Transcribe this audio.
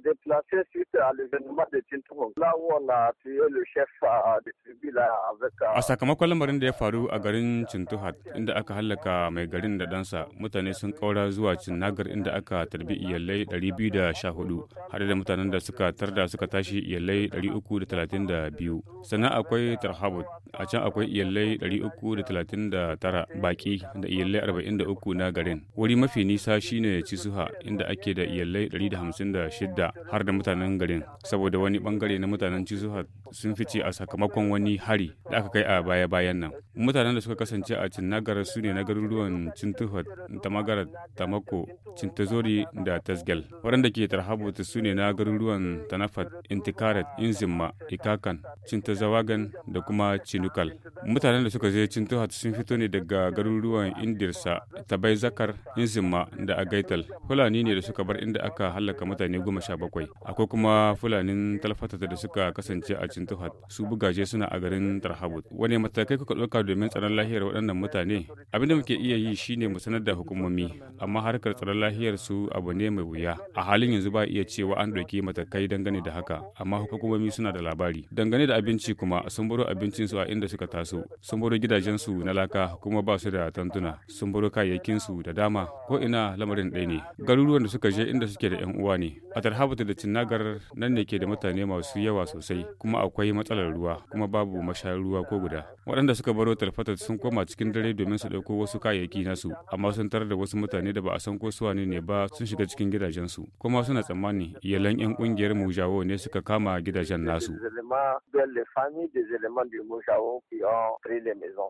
déplacer suite à l'événement de Tintou. là où on a tué le chef euh, de tribu là avec. Euh, a sakamakon lamarin da ya faru a garin Cintuhat inda aka hallaka mai garin da ɗansa mutane sun kaura zuwa Cinnagar inda aka tarbi iyalai 214 har da mutanen da suka tarda suka tashi iyalai 332 sannan akwai Tarhabut a can akwai iyalai 339 baki da iyalai 43 na garin wuri mafi nisa shine Cisuha inda ake da iyalai 156 har da mutanen garin saboda wani bangare na mutanen Cisuha sun fice a sakamakon wani hari da aka kai a baya-bayan nan. Mutanen da suka kasance a Cinnagara su ne na garuruwan Cintuha, Tamagara, Tamako, Cintazori da Tasgel. Waɗanda ke tarhabuta su ne na garuruwan Tanafat, Intikarat, Inzimma, Ikakan, Cintazawagan da kuma Cinukal. Mutanen da suka je Cintuha sun fito ne daga garuruwan Indirsa, Tabai Zakar, Inzimma da Agaital. Fulani ne da suka bar inda aka hallaka mutane goma sha bakwai akwai kuma fulanin talfatata da suka kasance a cintuhat su bugaje suna a garin tarhabut wani matakai kuka ɗauka domin tsaron lahiyar waɗannan mutane abinda muke iya yi shine mu sanar da hukumomi amma harkar tsaron lahiyar su abu ne mai wuya a halin yanzu ba iya cewa an ɗauki matakai dangane da haka amma hukumomi suna da labari dangane da abinci kuma sun baro abincinsu a inda suka taso sun baro gidajensu na laka kuma ba su da tantuna sun baro kayayyakinsu da dama ko ina lamarin ɗaya ne garuruwan da suka je inda suke da 'yan uwa ne a habata da cinnagar nan ne ke da mutane masu yawa sosai kuma akwai matsalar ruwa kuma babu mashayar ruwa ko guda waɗanda suka baro talfatar sun koma cikin dare domin su ɗauko wasu kayayyaki nasu amma sun tarar da wasu mutane da ba a san ko su wane ne ba sun shiga cikin su kuma suna tsammani iyalan 'yan kungiyar mujawo ne suka kama gidajen nasu